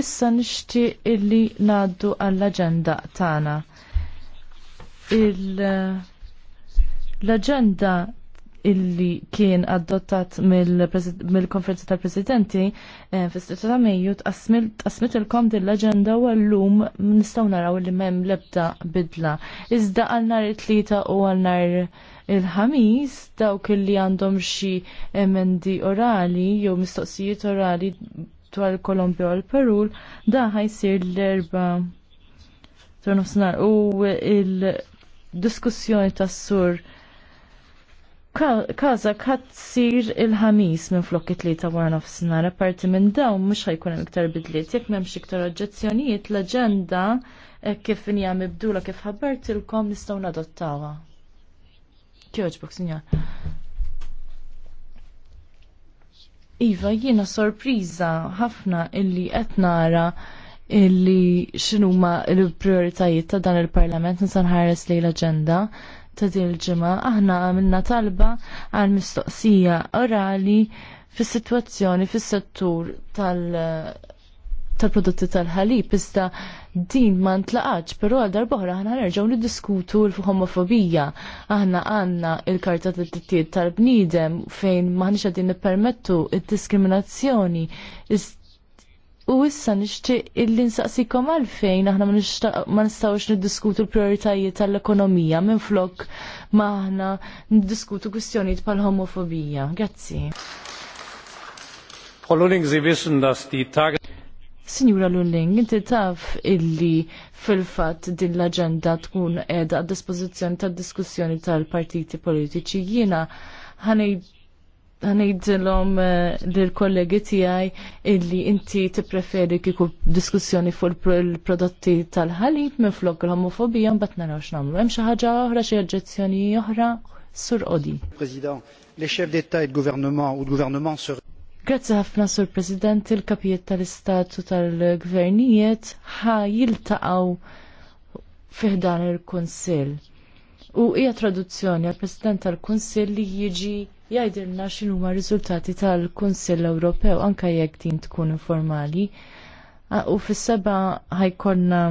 Issa nixtieq illi ngħaddu għall-aġenda tagħna. L-aġenda illi kien adottat mill-konferenza tal-presidenti eh, fis ta' Mejju tqasmit ilkom din l-aġenda u llum nistgħu naraw li m'hemm l-ebda bidla. Iżda għal nhar it-tlieta u għal nhar il-ħamis dawk illi għandhom xi emendi orali jew mistoqsijiet orali rapportu għal Kolombja u l-Peru da ħajsir l-erba tornofsinar u il-diskussjoni tas-sur Kaza kat sir il-ħamis minn flokki tlieta wara nofsinhar, apparti minn dawn mhux ħajkun hemm iktar bidliet, jekk m'hemmx iktar oġġezzjonijiet l-aġenda e kif inja mibdula kif ħabbartilkom nistgħu nadottawha. Kjoġbok, sinjor. Iva, jiena sorpriża ħafna illi qed nara illi x'inhuma l-prijoritajiet ta' dan il-Parlament nisan nħares li l-aġenda ta' din il-ġimgħa aħna għamilna talba għal mistoqsija orali fis-sitwazzjoni fis-settur tal- tal-prodotti tal-ħalib, iżda din ma ntlaqax, però għal darbohra ħana nerġgħu niddiskutu l-homofobija. Aħna għandna il-karta tal-tittiet tal-bniedem fejn maħniex qegħdin nippermettu id-diskriminazzjoni. U issa nixtieq illi nsaqsikom għalfejn aħna ma nistgħux niddiskutu l-prioritajiet tal-ekonomija minn flok ma aħna niddiskutu kwistjonijiet bħal-homofobija. Grazzi. Frau l-ingżibis n-dasti die Signora Lulling, inti taf illi fil-fat din l-agenda tkun edha għad dispożizzjoni tad diskussjoni tal-partiti politiċi jiena ħanejdilhom eh, lill-kollegi tiegħi illi inti tippreferi kiku diskussjoni fuq il-prodotti tal-ħalib minn flok il-homofobija mbagħad naraw xnamlu. Hemm xi ħaġa oħra xi oġġezzjoni oħra sur qodi. President, les chefs d'État et de gouvernement ou de gouvernement se Grazzi ħafna sur President il-kapijiet tal-istatu tal-gvernijiet ħa jiltaqaw fiħdan il-Konsil. U hija traduzzjoni għal President tal-Konsil li jiġi jgħidilna x'inhuma r-riżultati tal-Kunsill Ewropew anke jekk din tkun informali. U fis-seba ħajkonna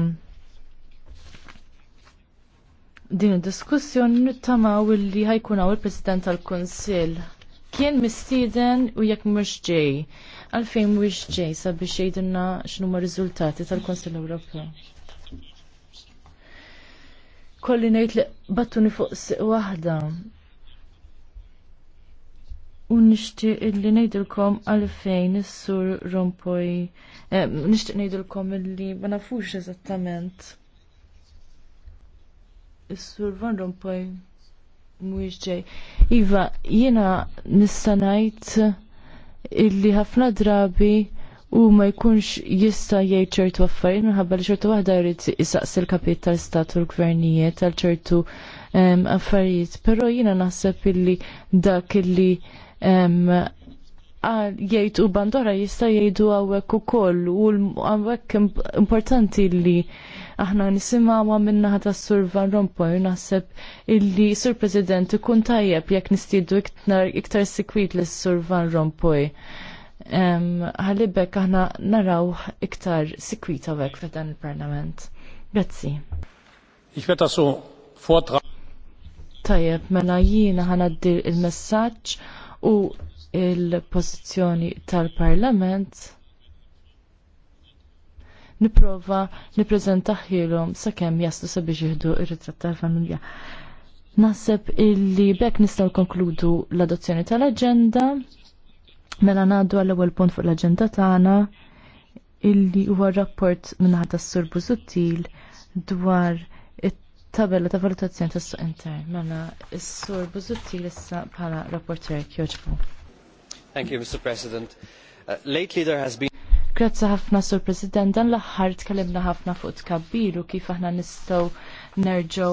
din id-diskussjoni nittamaw li ħajkun hawn il-President tal-Kunsill kien mistieden u jekk mhux ġej. Għalfejn mhux ġej sabiex jgħidilna x'numa riżultati tal konsill Ewropew. Kolli ngħid li battuni fuq siq waħda. U nixtieq illi ngħidilkom għalfejn is-sur Rompoj eh, nixtieq ngħidilkom illi ma nafux eżattament. Is-sur Van Rompoj mhuwiex Iva, jiena nista' ngħid illi ħafna drabi u ma jkunx jista jgħid ċertu affarijiet minħabba li ċertu waħda jrid isaqs il-kapit tal-istat u l-gvernijiet għal ċertu affarijiet. Però jiena naħseb illi dak illi jgħid u bandora jista jgħidu għawek ukoll u għawek importanti li aħna nisimgħuha minnaħa tas-Sur Van Rompuy naħseb illi Sur President ikun tajjeb jekk nistiedu iktar sikwit lis sur Van Rompuy. Ħalibek aħna naraw iktar sikwit hawnhekk f'dan il-Parlament. Grazzi. Ich werde das so Tajjeb, mela jiena ħanaddi il-messaġġ u il-pożizzjoni tal-Parlament niprofa nippreżenta sakemm jaslu sabiex jieħdu ir-ritratt tal-familja. Naħseb illi bekk nistgħu konkludu l-adozzjoni tal-aġenda. Mela ngħaddu għall-ewwel punt fuq l-aġenda tagħna illi huwa rapport minnaħat tas-Sur Busuttil dwar it-tabella ta' valutazzjoni tas-suq intern. Mela s-Sur Busuttil issa bħala rapporter kjoġbu. Thank you, Mr. President. Uh, lately there has been Grazzi ħafna sur President, dan l-aħħar tkellimna ħafna fuq tkabbiru kif aħna nistgħu nerġgħu